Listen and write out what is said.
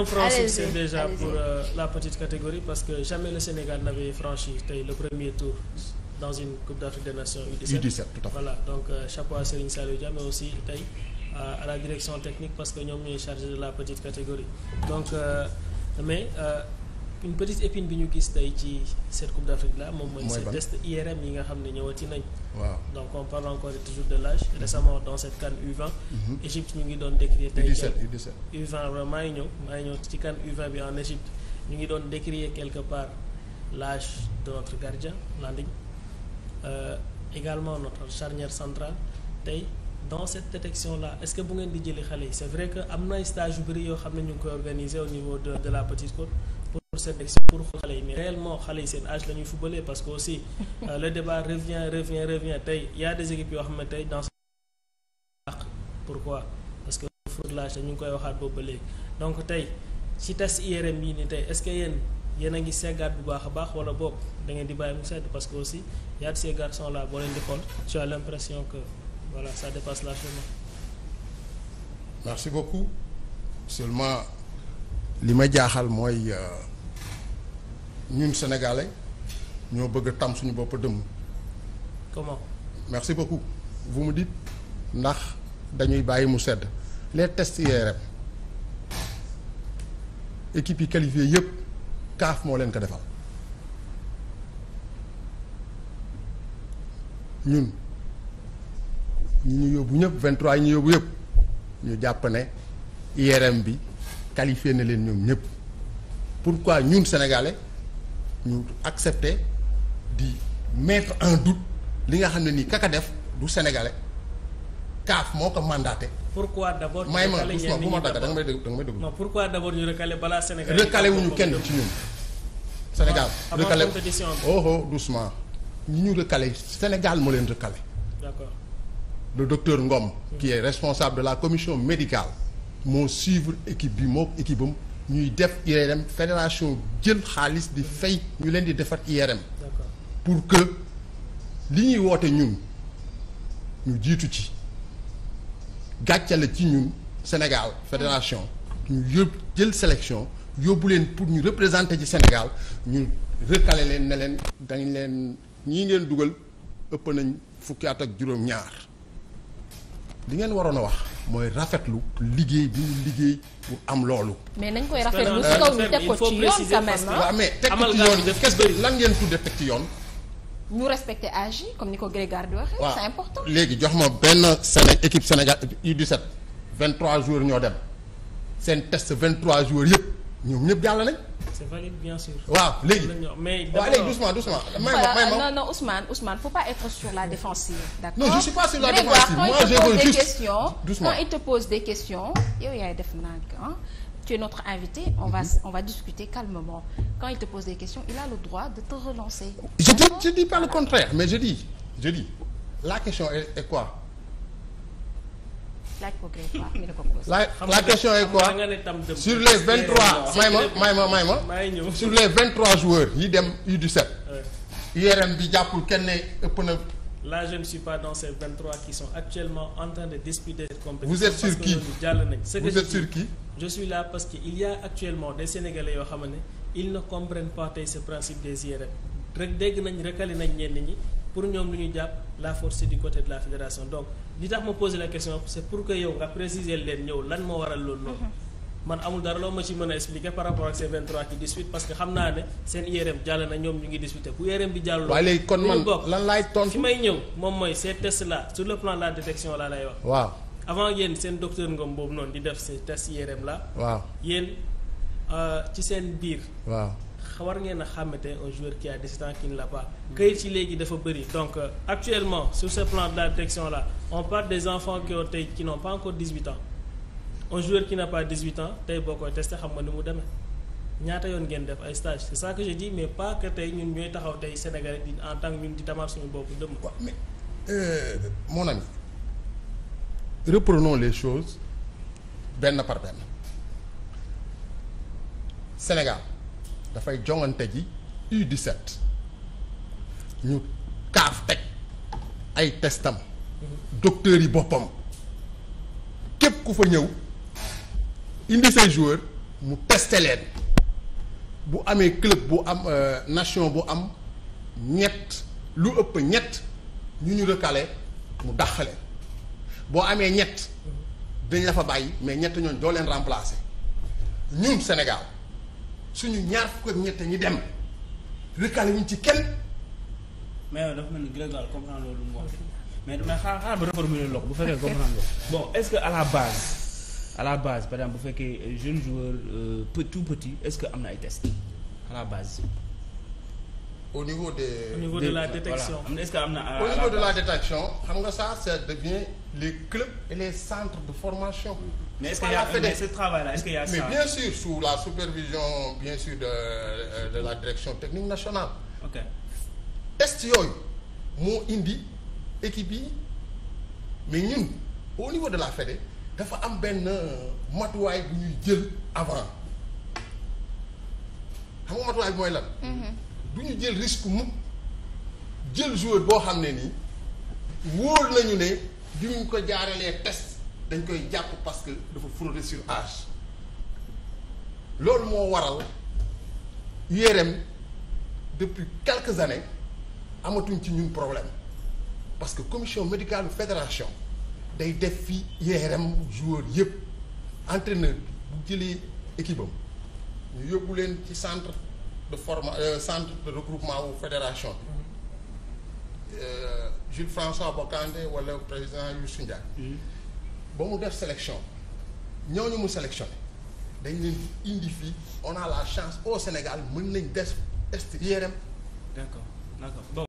un franc succès déjà pour euh, la petite catégorie parce que jamais le Sénégal n'avait franchi tey le premier tour dans une Coupe d'Afrique des Nations U17. U17 tout voilà donc euh, chapeau à Serigne Saliou Dia aussi tey à la direction technique parce que ñoom ñooy chargé de la petite catégorie donc euh, mais euh, une petite épine bi ñu gis tey ci set Coupe d'Afrique là moom mooy ces tests IRM yi nga xam ne ñëwati nañ waaw donc on parle encore toujours de l'âge mhm. récemment dans cette CAN U20. Mhm. ñu ngi doon décrier tey U17 U17 U20 vraiment maa ngi ñëw maa ñëw ci CAN u bi en Égypte ñu ngi doon décrier quelque part l'âge de notre gardien Landing euh, également notre charnière centrale tey dans cette détection là est-ce que bu ngeen di jëli xale yi c'est vrai que am na stage yu bëri yoo xam ne ñu ngi koy organiser au niveau de de la Petite Côte Sénégal pour xale yi mais réellement xale yi seen âge la ñuy footballé parce que aussi euh, le tey y a des équipes parce que fraude ñu ngi koy waxaat boobu ba léegi donc tey ci test IRM yi ni tey est-ce que yéen yéen a ngi seggaat bu baax a baax wala boog da ngeen di bàyyi mu sedd parce que aussi y a de ces garçons boo leen di xool tu as l'impression que voilà ça dépasse largement merci beaucoup seulement li ma jaaxal mooy euh, ñun sénégalais ñoo bëgg tam suñu bopp dëmm. comment. merci beaucoup vous me dites ndax dañuy bàyyi mu sedd les tests IRM équipe yi qualifiée yëpp kaaf moo leen ko defal ñun ñu ñu yóbbu ñëpp 23 yi ñu yóbbu yëpp ñu jàpp ne IRM bi qualifié na leen ñoom ñëpp pourquoi ñun sénégalais. ñu accepter di mettre en doute li nga xam ne nii kaka def du sénégalais kaaf moo ko mandaté. pourquoi d' abord may ma doucement bu ma dagg da nga may dégg da nga may dégg. non pourquoi d' abord ñu recalé balaa Sénégal. recalé wuñu kenn ci ñun. Sénégal recalé oh oh doucement ñu recalé Sénégal moo leen recalé. d' accord le docteur Ngom. qui mm. responsable de la commission médicale. moo suivre équipe bi moo équipe ñuy def IRM fédération jël xaalis di fay ñu leen di defar IRM pour que li ñuy woote ñun ñu jiitu ci gàcce la ci ñun Sénégal fédération ñu yóbbu jël sélection yóbbu leen pour ñu représenter ci senegal ñu recalé leen na leen dañ leen ñi ngeen dugal ëpp nañ fukki at ak juróom ñaar li ngeen waroon a wax mooy rafetlu liggéey bi ñu liggéey pour am loolu. mais nañ koy rafetlu si kaw ñu euh, teg ko ci yoon quand même waaw mais teg ko ci yoon qu'est-ce lan ngeen tuddee teg ci yoon. ñu respecté âge comme ni ko Grégard di waxee. waaw c'est important léegi jox ma benn Séné équipe Sénégal U17 23 jours ñoo dem seen test 23 jours yëpp. ñoom ñëpp jàll nañ. c'est valide bien sûr. mais waaw léegi doucement doucement. Euh, may ma may ma euh, non non Ousmane Ousmane faut pas être sur la défensive. d'accord non je suis pas sur la défensive. moi je veux juste questions quand il te pose des questions yow yaay def nag tu es notre invité mm-hmm. on va discuter calmement quand il te pose des questions il a le droit de te relancer. je dis je dis pas le contraire mais je dis je dis la question est quoi. laaj ko Grégoire mi ne ko Koos. la la question est quoi sur les vingt trois may ma may ma may sur les vingt trois joueurs yi dem U17. URM bi jàppul kenn ëpp na. ne suis pas dans ces vingt trois qui sont actuellement en train de disputer vous êtes sur nañ. vous êtes sur qui je suis parce que il y a actuellement des sénégalais yoo xam ne ils na comprennent pas tey ce principe des IRM rek dégg nañ recalé nañ ñenn ñi. pour ñoom lu ñu jàpp la force c'est du côté de la fédération donc li tax ma poser la question c'est pour que yow nga préciser leen ñëw lan moo waral loolu noonu mhm. man amul dara loo ma ci mën a expliquer par rapport ak ces 23 qui disputent parce que xam naa ne seen IRM jàll na ñoom ñu ngi disputer bu IRM bi jàllul. waaye léegi kon man lan laay tontu fi may ñëw moom mooy ces tests là sur le plan de la laa lay wax. waaw avant yéen seen docteur Ngom boob noonu di def ces tests IRM là. waaw yéen euh, ci seen biir. waaw. war ngeen a xàmmete un joueur qui a 17 ans qui ne l'a pas këyit yi léegi dafa bëri donc euh, actuellement sur ce plan de la détection là on par des enfants qui ont tey qui n'ont pas encore 18 ans un joueur qui n'a pas 18 ans tey boo koy testé xam nga ni mu demee ñaata yoon ngeen def ay stage c'est ça que je dis mais pas que tey ñun ñooy taxaw tey Sénégalais di en tant que ñun di tamaat suñu bopp dëmm waaw mais euh, mon ami reprenons les choses benn par benn Sénégal dafay jongante ji U17 ñu kaaf teg ay testam docteur yi boppam képp ku fa ñëw indi say mu teste leen bu amee club bu am euh, nation bu am ñett lu ëpp ñett ñu ñu recalé mu dàqale boo amee ñett dañ la bàyyi mais ñett ñoon doo leen remplacer ñun Sénégal suñu ñaar fukk ak ñett ñi dem yu wuñ ci kenn. mais dafa mel ni Grégoire comprendre loolu mu wax mais mais xaar xaar ba reformuler loxo bu fekkee comprendre loolu. bon est-ce que à la base à la base par exemple bu fekkee jeune joueur euh, tout petit est-ce que am na ay tests à la base. au niveau des. au niveau de la détection voilà. est-ce que euh, de la détection xam nga ça ça devient les clubs et les centres de formation. mais est-ce a mais ce travail là est-ce bien sûr la supervision bien sûr de euh, de la direction technique nationale. ok test yooyu moo indi équipe yi mais ñun au niveau de la fédé dafa am benn matuwaay bu ñuy jël avant xam nga matuwaay bi mooy lan. Mm-hmm. du ñu jël risque mu jël joueur boo xam ne nii wóor nañu ne duñ ko jaaralee test dañ koy jàpp parce que dafa frauder sur âge loolu moo waral IRM depuis quelques années amatuñ ci ñun problème parce que commission médicale fédération day def fi IRM joueur yëpp entraîneur bu jëlee équipe am ñu yóbbu leen ci centre. de forma centre de regroupement wu fédération bi Jules François Bocandé wala président Youssou Ndiaye ba mu def sélection ñooñu mu sélectionné dañ leen indi fii on a la chance au Sénégal mën nañ des test IRM d'accord d'accord